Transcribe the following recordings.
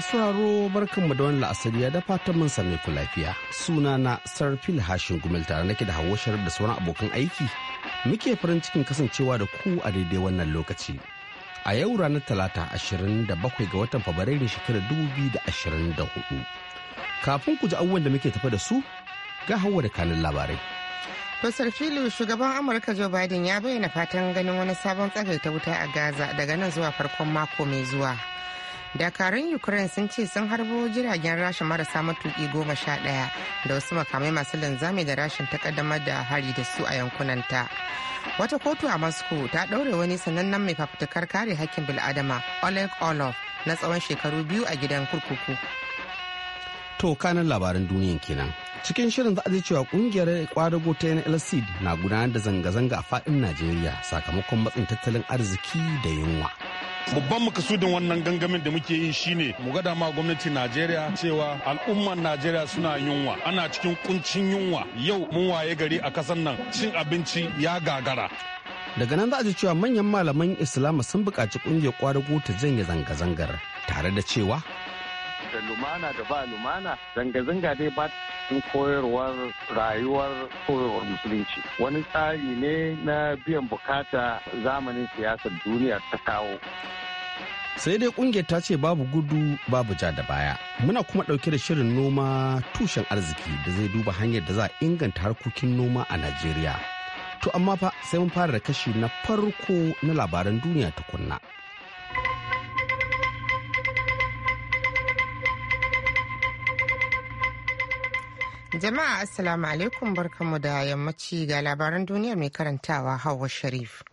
Masu raro barkanmu da wani la'asari ya da fatan mun same ku lafiya. Suna na Sarfil Hashin Gumel tare nake da Hawwa Sharar da sauran abokan aiki. Muke farin cikin kasancewa da ku a daidai wannan lokaci. A yau ranar Talata ashirin bakwai ga watan Fabrairu shekarar 2024. Kafin ku ji abubuwan da muke tafa da su ga hawa da kanin labarai. Fasar filu shugaban Amurka Joe Biden ya bayyana fatan ganin wani sabon ta wuta a Gaza daga nan zuwa farkon mako mai zuwa. dakarun ukraine sun ce sun harbo jiragen rasha marasa matuki goma sha ɗaya da wasu makamai masu linzami da rashin ta kaddamar da hari da su a yankunan ta wata kotu a moscow ta ɗaure wani sanannen mai fafutukar kare hakkin bil'adama oleg olof na tsawon shekaru biyu a gidan kurkuku to kanan labaran duniyan kenan cikin shirin za a ji cewa kungiyar kwadago ta nlc na gudanar da zanga-zanga a faɗin najeriya sakamakon matsin tattalin arziki da yunwa babban makasudin wannan gangamin da muke yin shine mu ga ma gwamnati najeriya cewa al'ummar najeriya suna yunwa ana cikin kuncin yunwa yau mun waye gari a kasan nan cin abinci ya gagara daga nan za a ji cewa manyan malaman islamu sun buƙaci ƙungiyar kwadago ta janye zanga-zangar tare da cewa da lumana da ba lumana zanga-zanga dai ba cikin koyarwar rayuwar koyarwar musulunci wani tsari ne na biyan bukata zamanin siyasar duniya ta kawo sai dai kungiyar ta ce babu gudu babu ja da baya muna kuma dauke da shirin noma tushen arziki da zai duba hanyar da za a inganta harkokin noma a najeriya to amma fa sai mun fara da kashi na farko na labaran duniya tukunna Jama'a Assalamu alaikum barkanmu da yammaci ga labaran duniyar mai karantawa Hauwa Sharif.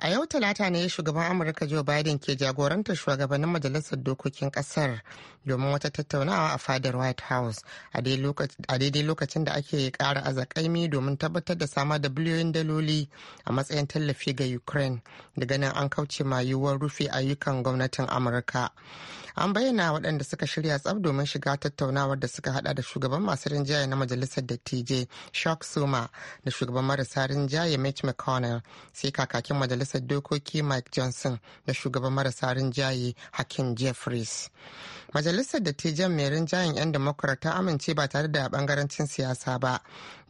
A yau talata ne shugaban Amurka Joe Biden ke jagorantar shugabannin majalisar dokokin kasar domin wata tattaunawa a fadar White House a daidai lokacin da ake kara azakaimi domin tabbatar da samar da biliyoyin daloli a matsayin tallafi ga Ukraine daga nan an kauce ma yiwuwar rufe ayyukan gwamnatin Amurka. an bayyana waɗanda suka shirya tsab domin shiga tattaunawar da suka hada da shugaban masu rinjaye na majalisar dattijai shock suma da shugaban marasa rinjaye mitch mcconnell sai kakakin majalisar dokoki mike johnson da shugaban marasa rinjaye hakim jeffries majalisar dattijan mai rinjayen 'yan democrat ta amince ba tare da bangarancin siyasa ba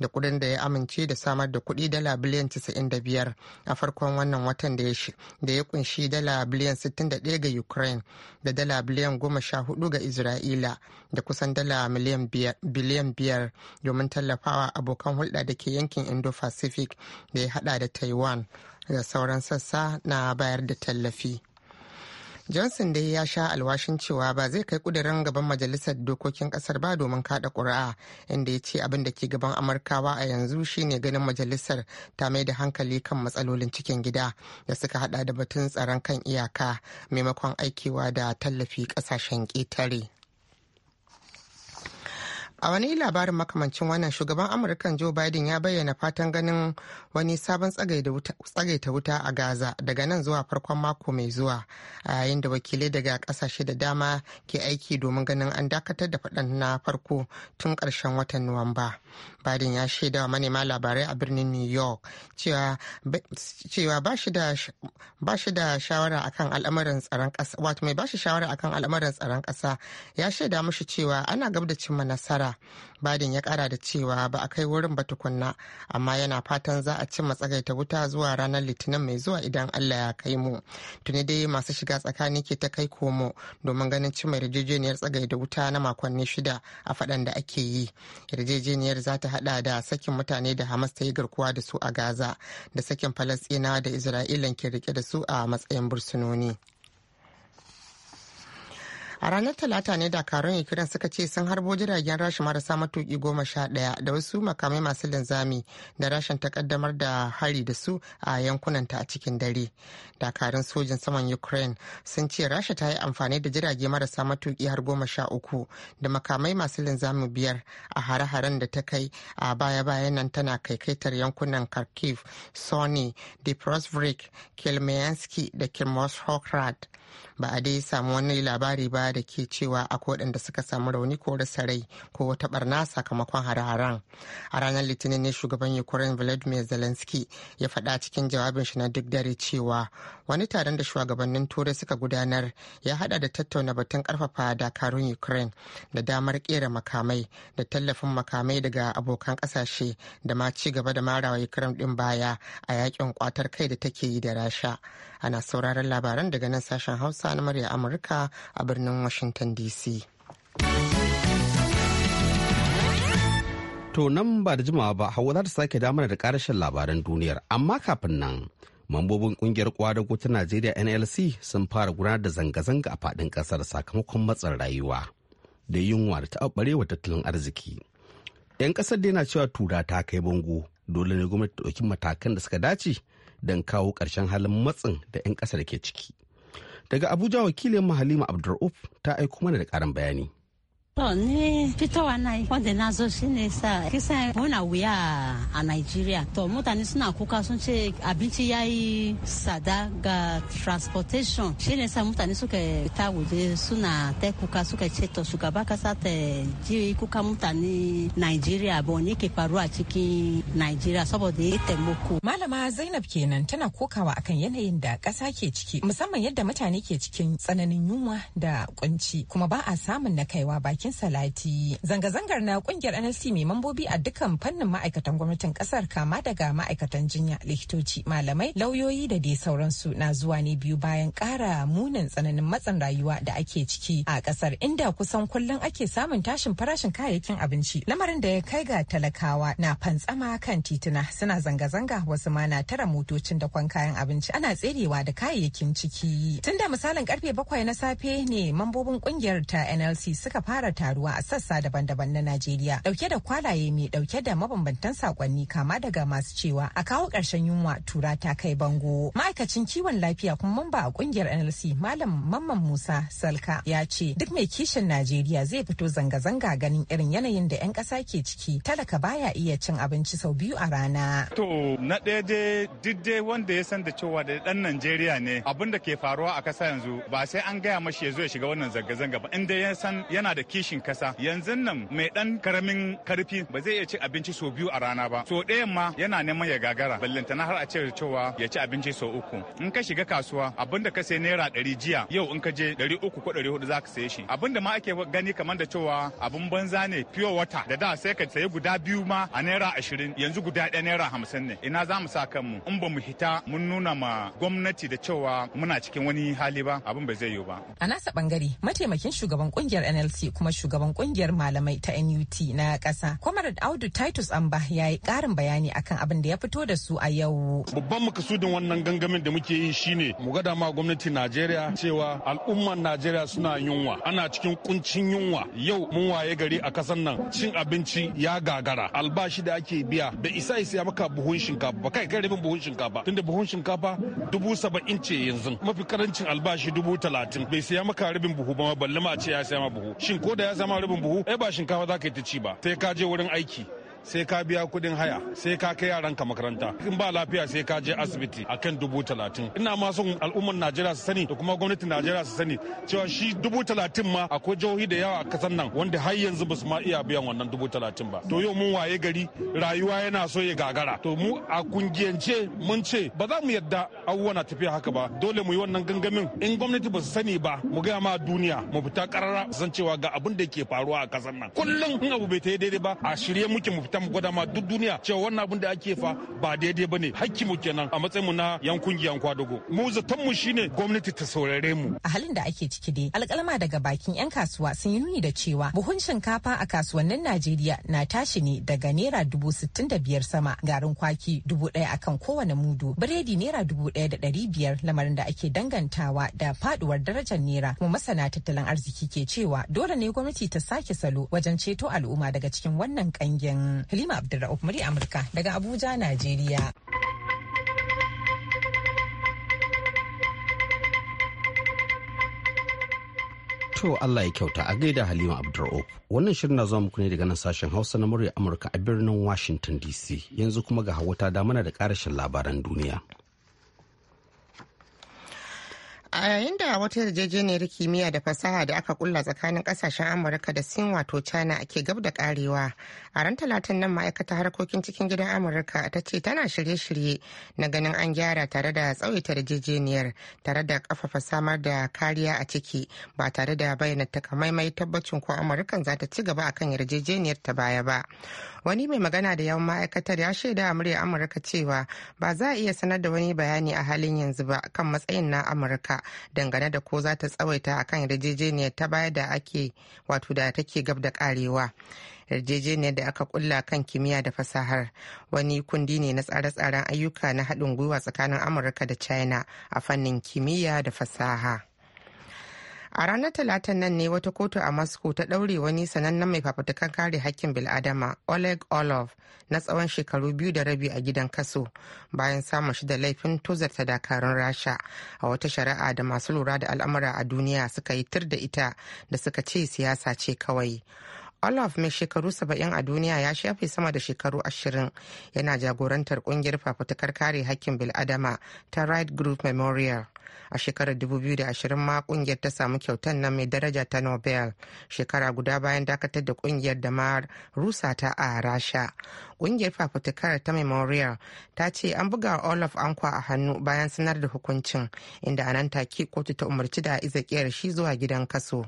da kudin da ya amince da samar da kudi dala biliyan 95 a farkon wannan watan da ya kunshi dala biliyan 61 ga ukraine da dala biliyan miliyan goma sha hudu ga isra'ila da kusan dala miliyan biliyan biyar domin tallafawa abokan hulɗa da ke yankin indo-pacific da ya hada da taiwan da sauran sassa na bayar da tallafi johnson dai ya sha alwashin cewa ba zai kai kudirin gaban majalisar dokokin kasar ba domin kada ƙuri'a inda ya ce abin da ke gaban amurkawa a yanzu shine ganin majalisar ta mai da hankali kan matsalolin cikin gida da suka hada da batun tsaron kan iyaka maimakon aikewa da tallafi kasashen ƙetare A wani labarin makamancin wannan shugaban Amurkan Joe Biden ya bayyana fatan ganin wani sabon tsagaita wuta a Gaza daga nan zuwa farkon mako mai zuwa a yayin da wakilai daga kasashe da dama ke aiki domin ganin an dakatar da faɗan na farko tun karshen watan Nuwamba. Biden ya shaida wa manema labarai a birnin New York cewa ba shi da shawara akan al'amarin tsaron ƙasa wato mai ba shi shawara akan al'amarin tsaron ƙasa ya shaida mushi cewa ana gab da cimma nasara Biden ya kara da cewa ba a kai wurin ba tukunna amma yana fatan za a cimma ta wuta zuwa ranar litinin mai zuwa idan Allah ya kai mu. Tuni dai masu shiga tsakani ke ta kai komo domin ganin mai yarjejeniyar tsagaita wuta na makonni shida a faɗan da ake yi. Yarjejeniyar za ta haɗa da sakin mutane da Hamas ta yi garkuwa da su a Gaza da sakin Falasɗinawa da Isra'ilan ke rike da su a matsayin bursunoni. a ranar talata ne dakarun ukraine suka ce sun harbo jiragen rasha marasa matuki goma sha daya da wasu makamai masu linzami da rashin ta kaddamar da hari da su a yankunanta a cikin dare dakarun sojin saman ukraine sun ce rasha ta yi amfani da jirage marasa matuki har goma sha uku da makamai masu linzami biyar a hare-haren da ta kai a baya-bayan nan tana kaikaitar yankunan kharkiv sony diprovnik kelmianski da kirmoshokrad ba a dai samu wani labari ba da ke cewa akwai waɗanda suka samu rauni ko rasa rai ko wata barna sakamakon hare-haren a ranar litinin ne shugaban ukraine vladimir zelensky ya faɗa cikin jawabin shi na duk dare cewa wani taron da shugabannin turai suka gudanar ya haɗa da tattauna batun ƙarfafa dakarun ukraine da damar ƙera makamai da tallafin makamai daga abokan ƙasashe da ma ci gaba da marawa ukraine ɗin baya a yakin kwatar kai da take yi da rasha ana sauraron labaran daga nan sashen hausa na murya amurka a birnin washington dc to nan ba da jimawa ba hawa za ta sake damar da karashen labaran duniyar amma kafin nan mambobin kungiyar kwadago ta najeriya nlc sun fara gudanar da zanga-zanga a faɗin ƙasar sakamakon matsar rayuwa da yunwa da wa tattalin arziki 'yan ƙasar da yana cewa tura ta kai bango dole ne gwamnati ta ɗauki matakan da suka dace don kawo ƙarshen halin matsin da 'yan ƙasar ke ciki. Daga Abuja wakilin Halima Abdur'uf ta aiko mana da ƙarin bayani. To ni fitowa na yi nazo shi ne sa kisan muna wuya a Nigeria. To mutane suna kuka sun ce abinci ya yi sada ga transportation. Shi ne sa mutane suka ta wuje suna tɛ kuka suka ce to shugaba kasa ta ji kuka mutane Nigeria ba wani ke a cikin Nigeria saboda ya taimako. Malama Zainab kenan tana kokawa akan yanayin da ƙasa ke ciki musamman yadda mutane ke cikin tsananin yunwa da kunci kuma ba a samun na kaiwa baki bakin salati. Zanga-zangar na kungiyar NLC mai mambobi a dukkan fannin ma'aikatan gwamnatin kasar kama daga ma'aikatan jinya, likitoci, malamai, lauyoyi da dai sauransu na zuwa ne biyu bayan kara munin tsananin matsin rayuwa da ake ciki a kasar inda kusan kullum ake samun tashin farashin kayayyakin abinci. Lamarin da ya kai ga talakawa na fantsama kan tituna suna zanga-zanga wasu ma na tara motocin da kwan kayan abinci ana tserewa da kayayyakin ciki. Tun da misalin karfe bakwai na safe ne mambobin kungiyar ta NLC suka fara taruwa a sassa daban-daban na Najeriya dauke da kwalaye mai dauke da mabambantan sakonni kama daga masu cewa a kawo ƙarshen yunwa tura ta kai bango. Ma'aikacin kiwon lafiya kuma mamba a kungiyar NLC Malam Mamman Musa Salka ya ce duk mai kishin Najeriya zai fito zanga-zanga ganin irin yanayin da 'yan ƙasa ke ciki talaka baya iya cin abinci sau biyu a rana. To na ɗaya dai duk dai wanda ya san da cewa da ɗan Najeriya ne abin da ke faruwa a ƙasa yanzu ba sai an gaya mashi ya zo ya shiga wannan zanga-zanga ba in ya san yana da kishin kishin kasa yanzu nan mai dan karamin karfi ba zai iya ci abinci sau biyu a rana ba so ɗayan ma yana neman ya gagara ballantana har a ce cewa ya ci abinci sau uku in ka shiga kasuwa abin da ka sai naira ɗari jiya yau in ka je ɗari uku ko ɗari hudu za ka saye shi abin da ma ake gani kamar da cewa abin banza ne pure water da da sai ka sayi guda biyu ma a naira ashirin yanzu guda ɗaya naira hamsin ne ina za mu sa kanmu in ba mu hita mun nuna ma gwamnati da cewa muna cikin wani hali ba abin ba zai yiwu ba a nasa bangare mataimakin shugaban kungiyar nlc kuma shugaban kungiyar malamai ta NUT na ƙasa. Comrade Audu Titus Amba ya yi ƙarin bayani akan abin da ya fito da su a yau. Babban makasudin wannan gangamin da muke yi shine mu gada ma gwamnatin Najeriya cewa al'ummar Najeriya suna yunwa. Ana cikin kuncin yunwa. Yau mun waye gari a ƙasar nan cin abinci ya gagara. Albashi da ake biya da isa isa maka buhun shinkafa ba kai kai rabin buhun shinkafa tunda buhun shinkafa dubu saba'in ce yanzu mafi karancin albashi dubu talatin bai siya maka rabin buhu ba balle ma a ce ya siya ma buhu shin ko da ya zama rubin buhu ai ba shinkafa za ka yi ta ci ba sai ka je wurin aiki sai ka biya kudin haya sai ka kai ka makaranta in ba lafiya sai ka je asibiti a kan dubu talatin ina ma son al'ummar najeriya su sani da kuma gwamnatin najeriya su sani cewa shi dubu talatin ma akwai jihohi da yawa a kasar nan wanda har yanzu ba su ma iya biyan wannan dubu talatin ba to yau mun waye gari rayuwa yana so ya gagara to mu a kungiyance mun ce ba za mu yadda abubuwa na tafiya haka ba dole mu yi wannan gangamin in gwamnati ba su sani ba mu gaya ma duniya mu fita karara san cewa ga abin da ke faruwa a kasar nan kullum in abu bai ta daidai ba a shirye muke mu fita ta mu gwada ma duk duniya cewa wannan abin da ake fa ba daidai bane mu kenan a matsayin mu na yan kungiyan kwadago mu zaton mu shine gwamnati ta saurare mu a halin da ake ciki dai alƙalama daga bakin yan kasuwa sun yi nuni da cewa buhun shinkafa a kasuwannin Najeriya na tashi ne daga naira dubu sittin da biyar sama garin kwaki dubu ɗaya akan kowane mudu biredi naira dubu ɗaya da ɗari biyar lamarin da ake dangantawa da faduwar darajar naira kuma masana tattalin arziki ke cewa dole ne gwamnati ta sake salo wajen ceto al'umma daga cikin wannan kangen Halima Abdulra'uf muri Amurka daga Abuja, Najeriya. To Allah ya kyauta a gaida Halima Abdur'uf. Wannan shirin na zuwa muku ne daga nan sashen Hausa na murya Amurka a birnin Washington DC. Yanzu kuma ga hawa ta damana da karashin labaran duniya. a yayin da wata yarjejeniyar kimiyya da fasaha da aka kulla tsakanin kasashen amurka da sin wato china ake gab da karewa a ran talatin nan ma'aikata harkokin cikin gidan amurka ta ce tana shirye-shirye na ganin an gyara tare da tsawaita yarjejeniyar tare da kafafa samar da kariya a ciki ba tare da bayyana takamaimai tabbacin ko amurkan za ta ci gaba akan yarjejeniyar ta baya ba wani mai magana da yawan ma'aikatar ya shaida a murya amurka cewa ba za a iya sanar da wani bayani a halin yanzu ba kan matsayin na amurka dangane da ko za ta tsawaita a kan yarjejeniyar ta baya da ake wato da take gab da karewa yarjejeniyar da aka kulla kan kimiyya da fasahar wani kundi ne na tsare-tsaren ayyuka na haɗin gwiwa tsakanin amurka da china a fannin kimiyya da fasaha. a ranar talatan nan ne wata kotu a moscow ta ɗaure wani sanannen mai fafutukan kare hakkin bil'adama oleg olov na tsawon shekaru biyu da rabi a gidan kaso bayan samun shi da laifin tozarta dakarun rasha a wata shari'a da masu lura da al'amura a duniya suka yi tir da ita da suka ce siyasa ce kawai Olaf mai shekaru saba'in a duniya ya shafe sama da shekaru ashirin yana jagorantar kungiyar fafutukar kare hakkin bil'adama ta Right Group Memorial. a shekarar 2020 ma kungiyar ta samu kyautar na mai daraja ta nobel shekara guda bayan dakatar da kungiyar da ma rusa ta a rasha kungiyar fafutukar ta memorial ta ce an buga olaf ankwa a hannu bayan sanar da hukuncin inda a nan take kotu ta umarci da kiyar shi zuwa gidan kaso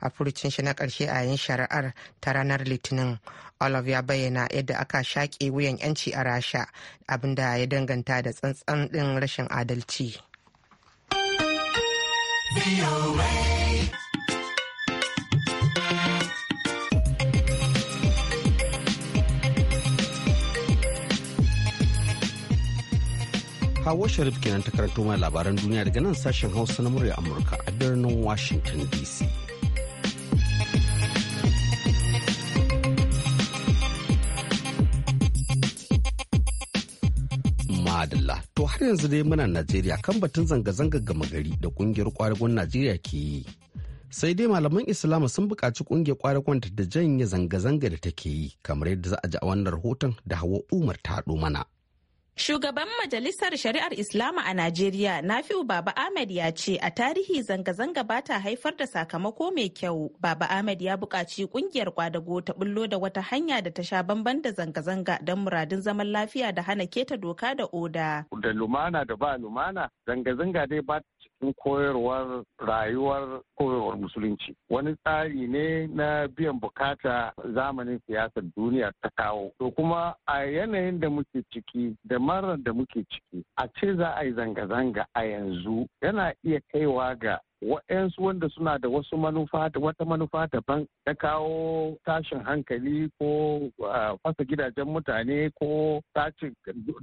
a furucin shi na karshe a yin shari'ar ta ranar litinin olaf ya bayyana yadda aka shaƙe wuyan 'yanci a rasha abinda ya danganta da tsantsan ɗin rashin adalci. Hawa Sharif kenan ta karanto mai labaran duniya daga nan sashen Hausa na murya Amurka a birnin Washington DC. har yanzu dai muna najeriya kan batun zanga-zanga gama gari da kungiyar kwadagon najeriya ke yi sai dai malaman islama sun buƙaci kungiyar kwadagon ta da janye zanga-zanga da take yi kamar yadda za a ji a wannan rahoton da hawa umar ta mana. Shugaban Majalisar Shari'ar Islama a Najeriya, Nafi'u Baba Ahmed ya ce a tarihi zanga-zanga ba ta haifar da sakamako mai kyau. Baba Ahmed ya buƙaci ƙungiyar kwadago ta bullo da wata hanya da ta sha bamban da zanga-zanga don muradin zaman lafiya da hana keta doka da oda. Da lumana da ba lumana, zanga-zanga dai ba cikin koyarwar rayuwar koyarwar musulunci wani tsari ne na biyan bukata zamanin siyasar duniya ta kawo to kuma a yanayin da muke ciki da marar da muke ciki a ce za a yi zanga-zanga a yanzu yana iya kaiwa ga waɗansu wanda suna da wasu manufa da wata manufa daban ta kawo tashin hankali ko fasa gidajen mutane ko sace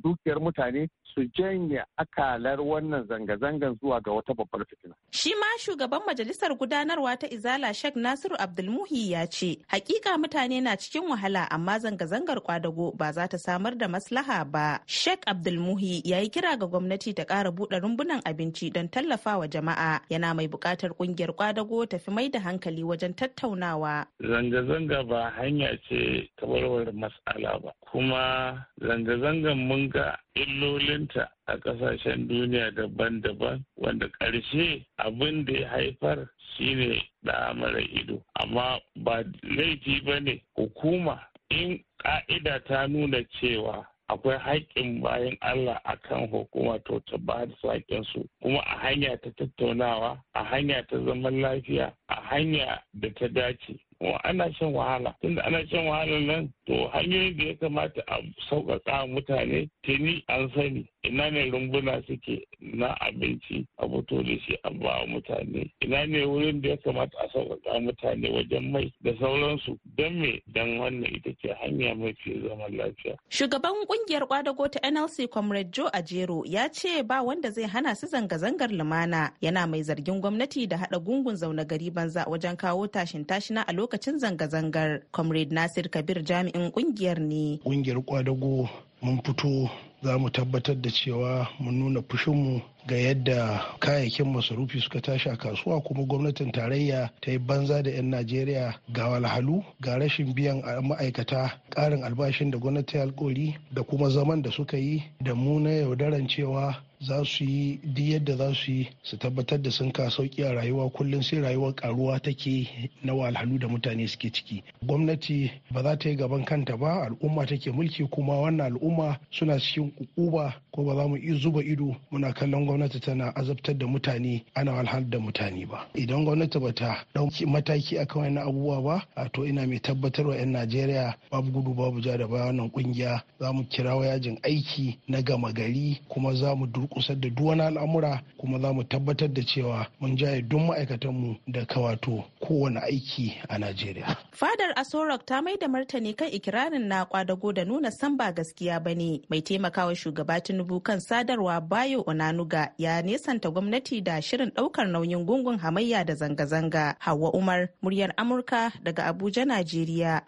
dukiyar mutane su janya akalar wannan zanga-zangan zuwa ga wata babbar fitina. Shi ma shugaban majalisar gudanarwa ta Izala Sheikh Nasiru Abdulmuhi ya ce, hakika mutane na cikin wahala amma zanga-zangar kwadago ba za ta samar da maslaha ba. Sheikh Abdulmuhi ya yi kira ga gwamnati ta ƙara buɗe rumbunan abinci don tallafawa jama'a yana mai Bukatar ƙungiyar kwadago tafi mai da hankali wajen tattaunawa. Zanga-zanga ba hanya ce ta warwar matsala ba, kuma zanga-zangan mun ga illolinta a ƙasashen duniya daban-daban wanda ƙarshe abin da ya haifar shine ɗa mara ido. Amma ba laifi ba ne hukuma in ƙa'ida ta nuna cewa akwai haƙƙin bayan Allah a kan hukuma to ta ba da su kuma a hanya ta tattaunawa a hanya ta zaman lafiya a hanya da ta dace kuma ana shan wahala tunda ana shan wahala nan to hanyoyin da ya kamata a sauƙaƙa mutane tuni an sani ina ne rumbuna suke na abinci a fito da shi a ba mutane ina ne wurin da ya kamata a sauƙaƙa mutane wajen mai da sauransu don me don wannan ita ce hanya mafi zaman lafiya. shugaban kungiyar kwadago ta nlc comrade joe ajero ya ce ba wanda zai hana su zanga-zangar lumana yana mai zargin gwamnati da haɗa gungun zaune gari banza wajen kawo tashin tashina a lokacin zanga-zangar. Comrade Nasir Kabir jami'in kungiyar ne. Kungiyar kwadago mun fito za mu tabbatar da cewa mun nuna fushinmu ga yadda kayayyakin masarufi suka tashi a kasuwa kuma gwamnatin tarayya ta yi banza da 'yan najeriya ga walhalu ga rashin biyan ma'aikata ƙarin albashin da gwamnati alkoli da kuma zaman da suka yi da mu na yaudaran cewa za su yi duk yadda za su yi su tabbatar da sun ka sauki a rayuwa kullum sai rayuwar karuwa take na walhalu da mutane suke ciki gwamnati ba za ta yi gaban kanta ba al'umma take mulki kuma wannan al'umma suna cikin kukuba ko ba za mu iya zuba ido muna kallon gwamnati tana azabtar da mutane ana walhal da mutane ba idan gwamnati ba ta dauki mataki akan wani abubuwa ba a to ina mai tabbatar wa 'yan najeriya babu gudu babu ja da baya wannan kungiya za mu kira yajin aiki na gama gari kuma za mu Kusa da duk wani al'amura kuma za mu tabbatar da cewa mun jaye duk ma'aikatanmu da kawato kowane aiki a Najeriya. Fadar Asorok ta mai da martani kan ikirarin na kwadago da nuna san ba gaskiya ba ne. Mai taimakawa shugaba Tinubu kan sadarwa Bayo Onanuga ya nesanta gwamnati da shirin ɗaukar nauyin gungun hamayya da zanga-zanga. Hauwa Umar, muryar Amurka daga Abuja, Najeriya.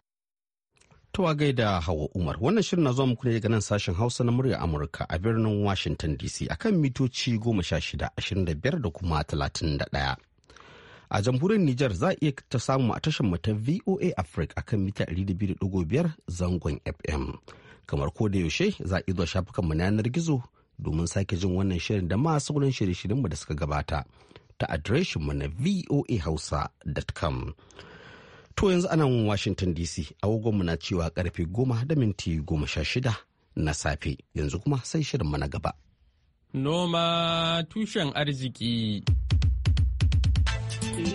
tawagai gaida Hawa Umar. Wannan shirin na zuwa muku ne daga nan sashen Hausa na murya Amurka a birnin Washington DC akan mitoci goma sha shida, ashirin da biyar da kuma talatin da ɗaya. A jamhuriyar Nijar za a iya ta samu a tashar mu ta VOA Africa akan mita ɗari biyu da ɗigo biyar zangon FM. Kamar ko da yaushe za a iya zuwa shafukan mu na yanar gizo domin sake jin wannan shirin da ma sauran shirye-shiryen mu da suka gabata ta adireshin mu na voahausa.com. To yanzu nan Washington DC agogonmu na cewa karfe goma da minti goma sha shida na safe yanzu kuma sai shirinmu na gaba. Noma tushen arziki.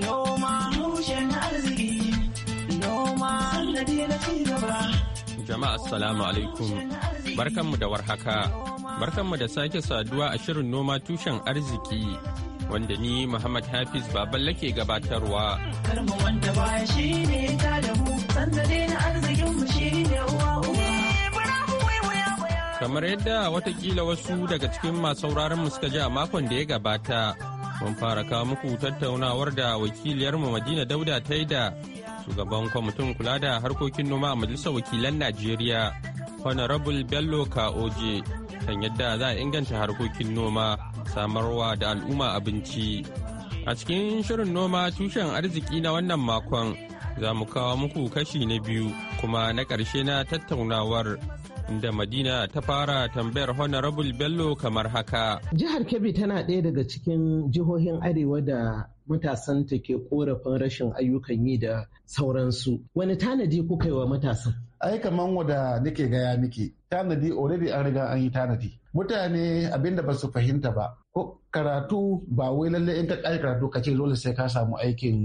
Noma tushen arziki. Noma sannadi na ci gaba. Jama'a assalamu alaikum. Barkanmu da warhaka. Barkanmu da sake saduwa a shirin noma tushen arziki wanda ni Muhammad Hafiz Baballe lake gabatarwa. wanda Kamar yadda watakila wasu daga cikin masu mu suka ji a makon da ya gabata, mun fara kawo muku tattaunawar da wakiliyarmu Madina Dauda ta yi da shugaban kwamitin kula da harkokin noma a Majalisar Wakilan Najeriya, Honorable Bello Kaoje, kan yadda za a inganta harkokin noma. samarwa da al'umma abinci. A cikin shirin noma tushen arziki na wannan makon za mu kawo muku kashi na biyu kuma na ƙarshe na tattaunawar da Madina ta fara tambayar Honorable Bello kamar haka. Jihar Kebbi tana ɗaya daga cikin jihohin Arewa da matasan ta ke korafin rashin ayyukan yi da sauransu. Wani tanadi kuka yi wa matasan? Ai kaman wada nake gaya miki, tanadi already an riga an yi tanadi. Mutane abinda ba su fahimta ba, karatu ba wai lalle in ka kai karatu ka ce dole sai ka samu aikin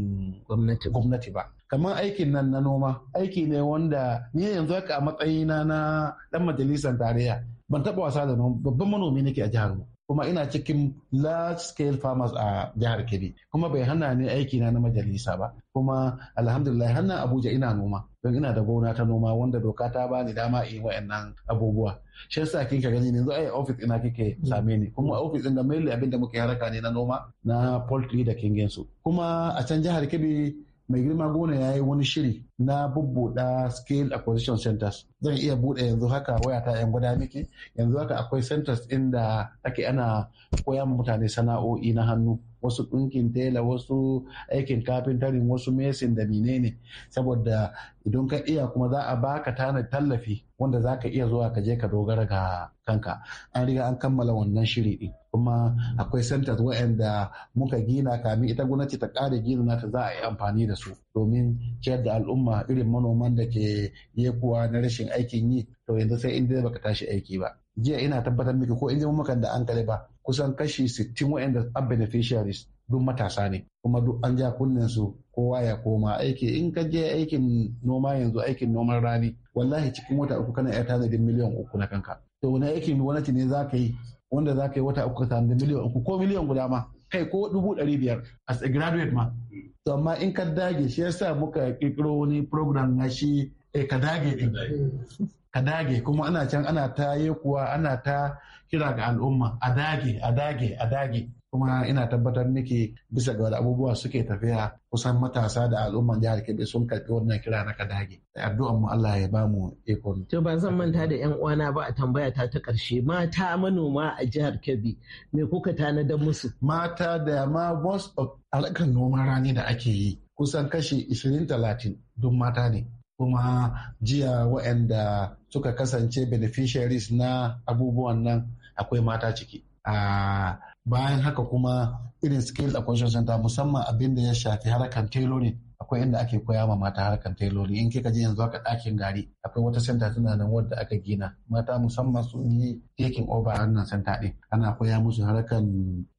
gwamnati ba kamar aikin nan na noma aiki ne wanda ni yanzu haka a matsayina na dan majalisar tarayya ban taɓa wasa da noma babban manomi nake a jihar mu kuma ina cikin large scale farmers a jihar Kebbi kuma bai hana ni aiki na na majalisa ba kuma alhamdulillah hannan Abuja ina noma don ina da gona ta noma wanda doka ta ba ni dama in yi wa'annan abubuwa shi yasa kinka ka gani yanzu ai ofis ina kike same ni kuma ofis din ga abin da muke haraka ne na noma na poultry da kingin su kuma a can jihar Kebbi mai girma gona ya yi wani shiri na bubbuɗa scale acquisition centers zan iya buɗe yanzu haka waya ta yan gwada miki yanzu haka akwai centers inda ake ana koya mutane sana'o'i na hannu wasu ɗinkin tela wasu aikin kafintarin wasu mesin da mine ne saboda idan ka iya kuma za a baka tana tallafi wanda za ka iya zuwa ka je ka dogara ga kanka an riga an kammala wannan shiri din kuma akwai centers waɗanda muka gina kamin ita gwamnati ta ƙara gina nata za a yi amfani da su domin ciyar da al'umma irin manoman da ke yekuwa na rashin aikin yi to yanzu sai inda baka tashi aiki ba jiya ina tabbatar miki ko in makan da an kale ba kusan kashi 60 wa'anda a beneficiaries duk matasa ne kuma duk an ja kunnen su kowa ya koma aiki in ka je aikin noma yanzu aikin noman rani wallahi cikin wata uku kana iya tanadin miliyan uku na kanka to wani aikin wani ne za ka yi wanda za ka yi wata uku tanadin miliyan uku ko miliyan guda ma kai ko dubu ɗari biyar as a graduate ma to amma in ka dage shi yasa muka kirkiro wani program na shi eh, ka dage din ka dage kuma ana can ana ta kuwa ana ta kira ga al'umma a dage a dage a dage kuma ina tabbatar miki bisa ga abubuwa suke tafiya kusan matasa da al'umman jihar Kebbi sun karbi wannan kira na ka dage addu'an mu Allah ya bamu ikon to ba zan manta da yan uwana ba a tambaya ta ta karshe mata manoma a jihar Kebbi me kuka da musu mata da ma boss of alakan noman rani da ake yi kusan kashi 20 30 duk mata ne kuma jiya waɗanda suka kasance beneficiaries na abubuwan nan akwai mata ciki a bayan haka kuma irin skills acquisition center musamman abin da ya shafi harkar tailoring akwai inda ake koya ma mata harkar tailoring in kika je yanzu haka ɗakin gari akwai wata center tana nan wadda aka gina mata musamman su yi taking over wannan senta ɗin ana koya musu harkar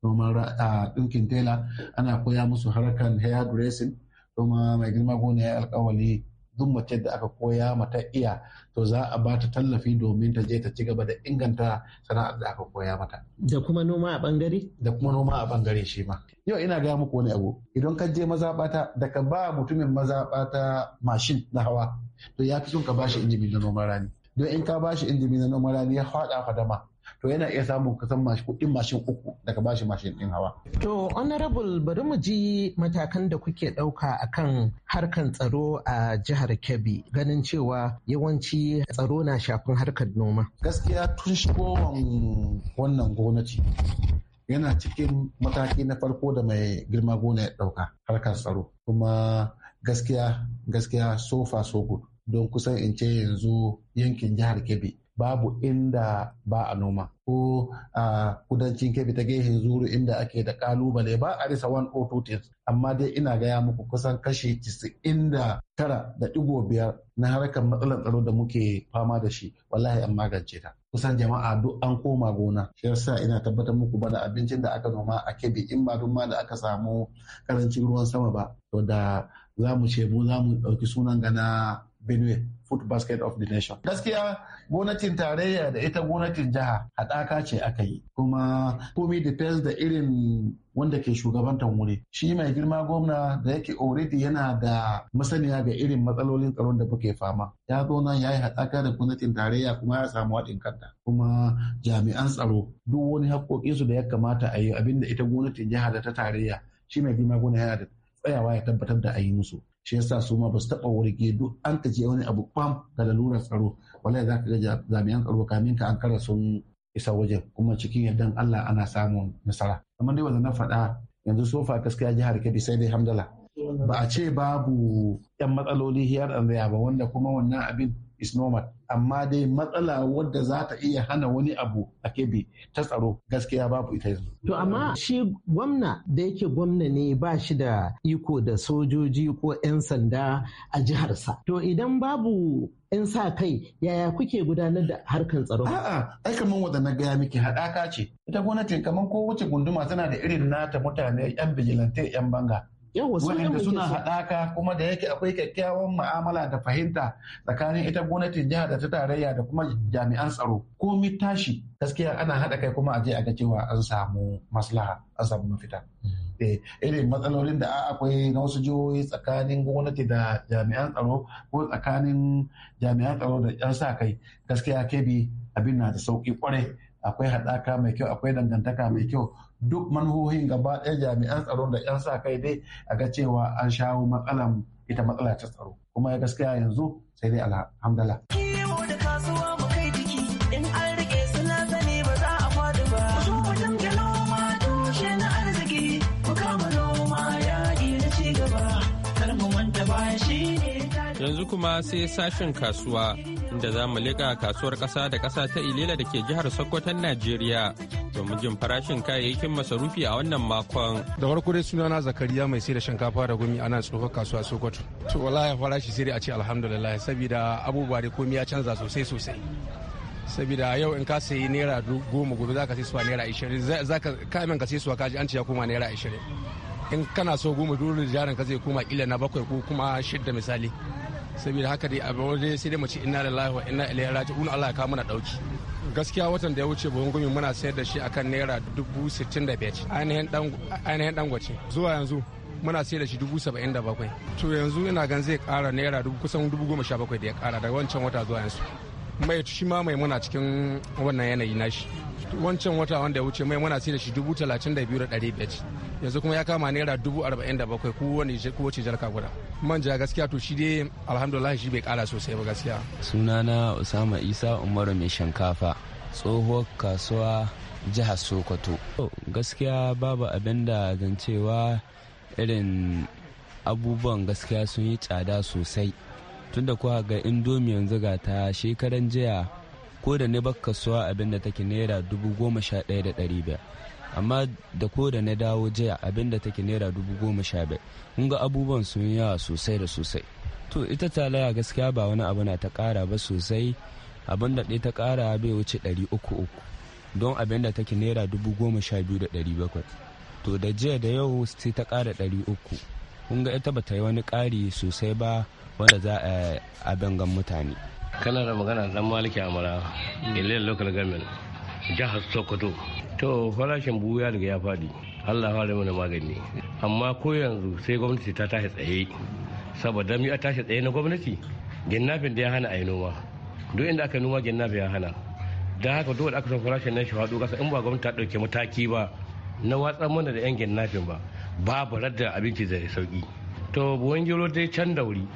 noman ɗinkin tela ana koya musu harkar hair dressing kuma mai girma gona ya alkawali duk mace da aka koya mata iya to za a bata tallafi domin ta je ta ci gaba da inganta sana'ar da aka koya mata. Da kuma noma a bangare? Da kuma noma a bangare shi ma. Yau ina gaya muku wani abu idan ka je mazaɓata da ka ba mutumin mazaɓata mashin na hawa to ya fi son ka bashi injimi na noman rani. Don in ka bashi injimi na noman rani ya faɗa fadama to yana iya samun kasan kuɗin mashin uku daga bashi mashin ɗin hawa. To honorable bari mu ji matakan da kuke ɗauka akan harkan tsaro a jihar Kebbi ganin cewa yawanci tsaro na shafin harkar noma. Gaskiya tun shigowar wannan gwamnati yana cikin mataki na farko da mai girma gona ya ɗauka harkar tsaro kuma gaskiya gaskiya sofa so good don kusan in ce yanzu yankin jihar kebbi babu inda ba a noma ko a kudancin kebi ta gehe zuru inda ake da kalubale ba a risa 102 amma dai ina gaya muku kusan kashe 99.5 na harkar matsalar tsaro da muke fama da shi wallahi an magance ta kusan jama'a duk an koma gona shi yasa ina tabbatar muku ba da abincin da aka noma a kebi in ba duk ma da aka samu karancin ruwan sama ba to da za mu ce mu za mu ɗauki sunan gana benue food basket of the nation gaskiya gwamnatin tarayya da ita gwamnatin jiha haɗaka ce aka yi kuma komi depends da irin wanda ke shugabantar wuri shi mai girma gwamna da yake already yana da masaniya ga irin matsalolin tsaron da muke fama ya zo nan ya yi haɗaka da gwamnatin tarayya kuma ya samu haɗin kanta kuma jami'an tsaro duk wani su da ya kamata a yi abinda ita gwamnatin jiha da ta tarayya shi mai girma gwamna yana da tsayawa ya tabbatar da a yi musu shi yasa su ma ba su taɓa wurge duk an ka je wani abu bam da lalurar tsaro wallahi za ka ga jami'an tsaro kamin ka an kara sun isa wajen kuma cikin yardan Allah ana samun nasara kamar dai wanda na faɗa yanzu sofa gaskiya jihar Kebbi sai dai hamdala ba a ce babu yan matsaloli hiyar an ba wanda kuma wannan abin is normal amma dai matsala wadda za ta iya hana wani abu a kebe ta tsaro gaskiya babu ita yanzu. To amma shi gwamna da yake gwamna ne ba shi da iko da sojoji ko 'yan sanda a jiharsa. To idan babu 'yan sa kai yaya kuke gudanar da harkar tsaro? A'a, ai kamar wanda na gaya miki haɗaka ce. Ita gwamnati kamar ko wuce gunduma tana da irin nata mutane 'yan bijilante 'yan banga. waɗanda suna haɗaka kuma da yake akwai kyakkyawan ma'amala da fahimta tsakanin ita gwamnatin jihar da ta tarayya da kuma jami'an tsaro komi tashi gaskiya ana haɗa kai kuma a je a ga cewa an samu maslaha an samu mafita mm. eh, irin matsalolin da akwai na wasu jihohi tsakanin gwamnati da jami'an tsaro ko tsakanin jami'an tsaro da 'yan sa kai gaskiya kebi abin na da sauki kwarai akwai haɗaka mai kyau akwai dangantaka mai kyau duk manhohin gaba ɗaya jami'an tsaron da 'yan sa kai dai a ga cewa an shawo matsalan ita matsala ta tsaro kuma gaskiya yanzu sai dai alhamdulillah. Yanzu kuma sai sashen kasuwa inda za mu leƙa kasuwar ƙasa da ƙasa ta Ilela da ke jihar Sokoton Najeriya domin jin farashin kayayyakin masarufi a wannan makon. Da farko dai sunana Zakariya mai sai da shinkafa da gumi a nan tsohon kasuwa Sokoto. To wallahi farashi sai dai a ce alhamdulillah saboda abubuwa da komai ya canza sosai sosai. saboda yau in ka sayi naira goma gobe za ka sai suwa naira ashirin za ka kamin ka sai suwa kaji an ce ya koma naira ashirin in kana so goma dole jarin ka zai koma ila na bakwai ko kuma shidda misali saboda haka dai a wani sai dai mace ina inna lillahi wa inna ilaihi raji'un Allah ya kawo dauki gaskiya watan da ya wuce buhun gumi muna sayar da shi akan naira dubu sittin da biyar ainihin dangwace zuwa yanzu muna sayar da shi dubu saba'in da bakwai to yanzu ina gan zai kara naira dubu kusan dubu goma sha bakwai da ya kara daga wancan wata zuwa yanzu mai shi ma mai muna cikin wannan yanayi nashi wancan wata wanda ya wuce mai muna sayar da shi dubu talatin da biyu da ɗari biyar yanzu kuma ya kama naira dubu arba'in da bakwai kowane kowace jarka guda manja gaskiya to shi dai alhamdulillah shi bai kara sosai ba gaskiya sunana usama isa umaru mai shinkafa tsohuwar kasuwa jihar sokoto gaskiya babu abin da zancewa irin abubuwan gaskiya sun yi tsada sosai tunda kuwa ga indomi yanzu ga ta shekaran jiya ko da ne baka kasuwa abin da take naira dubu goma sha ɗaya da ɗari biyar amma da ko da na dawo jiya abinda take naira dubu goma sha biyar kun ga abubuwan sun yawa sosai da sosai to ita ta talaya gaskiya ba wani abu na ta kara ba sosai abin da ta kara bai wuce ɗari uku uku don abin take naira dubu goma sha biyu da ɗari bakwai to da jiya da yau sai ta kara ɗari uku kun ga ita ba ta yi wani kari sosai ba wanda za a abin gan mutane kana da magana dan maliki amara ilil local government jihar sokoto to farashin buhu ya riga ya faɗi allah fara mana magani amma ko yanzu sai gwamnati ta tashi tsaye saboda mu a tashi tsaye na gwamnati ginnafin da ya hana a yi noma duk inda aka noma ginnafin ya hana da haka duk da aka san farashin nan shi faɗo kasa in ba gwamnati ta ɗauki mataki ba na watsar mana da yan ginnafin ba babu radda abinci da sauki to buwan gero dai can da wuri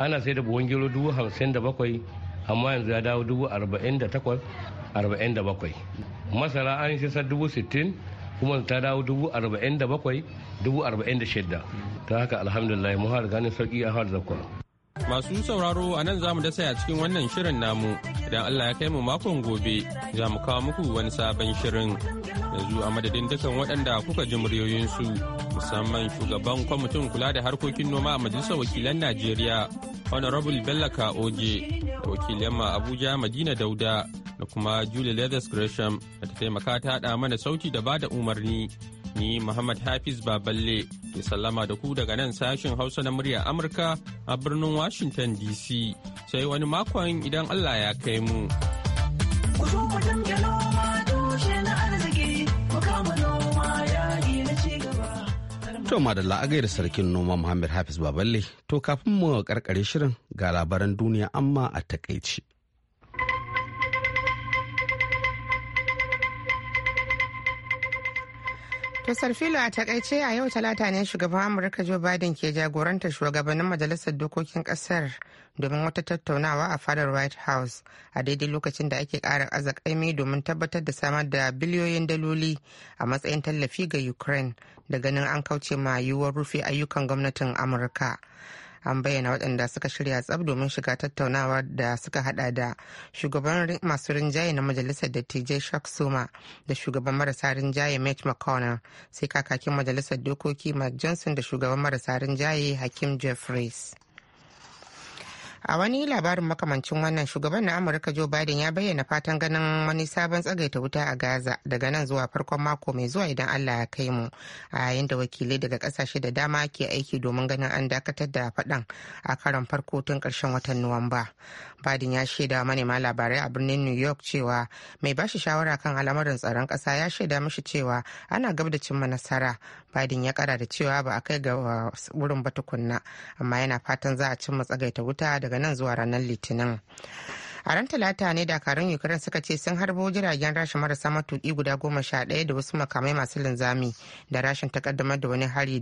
ana sai da buwan gero dubu hamsin da bakwai amma yanzu ya dawo dubu arba'in da takwas 47 masara an yi dubu 60 kuma ta dawo dubu 47 dubu 46 ta haka alhamdulillah mu har ganin sauki a har zakwa masu sauraro a nan za mu dasa a cikin wannan shirin namu idan allah ya kai mu makon gobe za mu kawo muku wani sabon shirin yanzu a madadin dukan waɗanda kuka ji muryoyinsu musamman shugaban kwamitin kula da harkokin noma a majalisar wakilan najeriya honorable bellaka oje wakilan ma abuja madina dauda da kuma Julia Leathers Gresham da ta taimaka ta haɗa mana sauti da ba da umarni. Ni Muhammad Hafiz Baballe ke sallama da ku daga nan sashin Hausa na murya Amurka a birnin Washington DC. Sai wani makon idan Allah ya kai mu. To madalla a gaida sarkin noma Muhammad Hafiz Baballe to kafin mu karkare shirin ga labaran duniya amma a takaici. To Sarfilo a takaice a yau talata ne shugaban Amurka Joe Biden ke jagorantar shugabannin majalisar dokokin kasar domin wata tattaunawa a fadar White House a daidai lokacin da ake ƙara azakaimi domin tabbatar da samar da biliyoyin daloli a matsayin tallafi ga Ukraine da ganin an kauce ma yiwuwar rufe ayyukan gwamnatin Amurka. an bayyana waɗanda suka shirya tsab domin shiga tattaunawa da suka hada da shugaban masu rinjaye na majalisar dattijai shak suma da shugaban marasa rinjaye mitch mcconnell sai kakakin majalisar dokoki mike johnson da shugaban marasa rinjaye hakim jeffries a wani labarin makamancin wannan shugaban na amurka joe biden ya bayyana fatan ganin wani sabon tsagaita wuta a gaza daga nan zuwa farkon mako mai zuwa idan allah ya kai mu a yayin da wakilai daga kasashe da dama ke aiki domin ganin an dakatar da faɗan a karon farko tun karshen watan nuwamba biden ya shaida manema labarai a birnin new york cewa mai bashi shawara kan al'amarin tsaron ƙasa ya shaida mishi cewa ana gab da cimma nasara biden ya kara da cewa ba a kai ga wurin ba tukunna amma yana fatan za a cimma tsagaita wuta da daga nan zuwa ranar litinin a ran talata ne dakarun ukraine suka ce sun harbo jiragen rashin marasa matuki guda goma sha ɗaya da wasu makamai masu linzami da rashin takaddamar da wani hari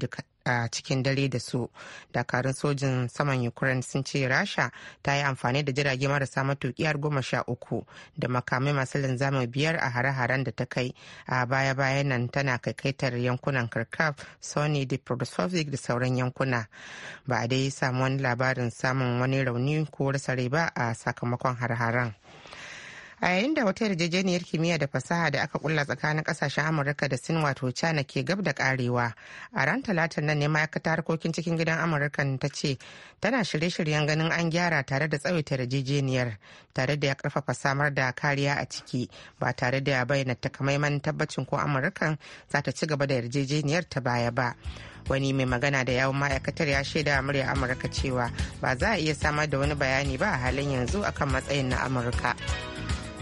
a cikin dare da su dakarun sojin saman ukraine sun ce rasha ta yi amfani da jirage marasa matukiyar goma sha uku da makamai masu linzamin biyar a hare-haren da ta kai a baya-bayan nan tana kaikaitar yankunan kharkiv sony da prosovic da sauran yankuna ba a dai samu wani labarin samun wani rauni ko rasa rai ba a sakamakon hare haren a yayin da wata yarjejeniyar kimiyya da fasaha da aka kulla tsakanin kasashen amurka da sin wato china ke gab da karewa a ran talatin nan ne ma'aikata harkokin cikin gidan amurka ta ce tana shirye-shiryen ganin an gyara tare da tsawaita yarjejeniyar tare da ya karfafa samar da kariya a ciki ba tare da ya bayyana takamaiman tabbacin ko amurkan za ta ci gaba da yarjejeniyar ta baya ba wani mai magana da yawon ma'aikatar ya shaida a murya amurka cewa ba za a iya samar da wani bayani ba a halin yanzu akan matsayin na amurka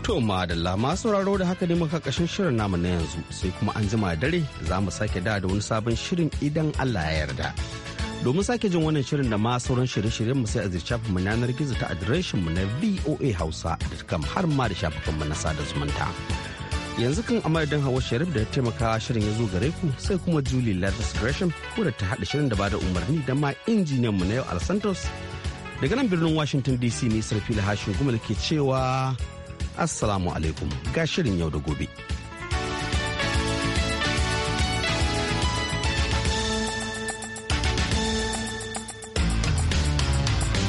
To madalla masu sauraro da haka ne muka kashin shirin namu na yanzu sai kuma an jima dare za mu sake da da wani sabon shirin idan Allah ya yarda. Domin sake jin wannan shirin da ma sauran shirye-shiryen mu sai a zirce mu yanar gizo ta adireshin mu na VOA Hausa da kam har ma da shafukan mu na sada zumunta. Yanzu kan amadadin Hawa Sharif da ya taimaka shirin ya zo gare ku sai kuma Julie Lathis Gresham ko da ta haɗa shirin da bada umarni da ma injiniyan mu na yau Al Santos. Daga nan birnin Washington DC ne Sarfila Hashin da ke cewa Assalamu alaikum ga shirin yau da gobe.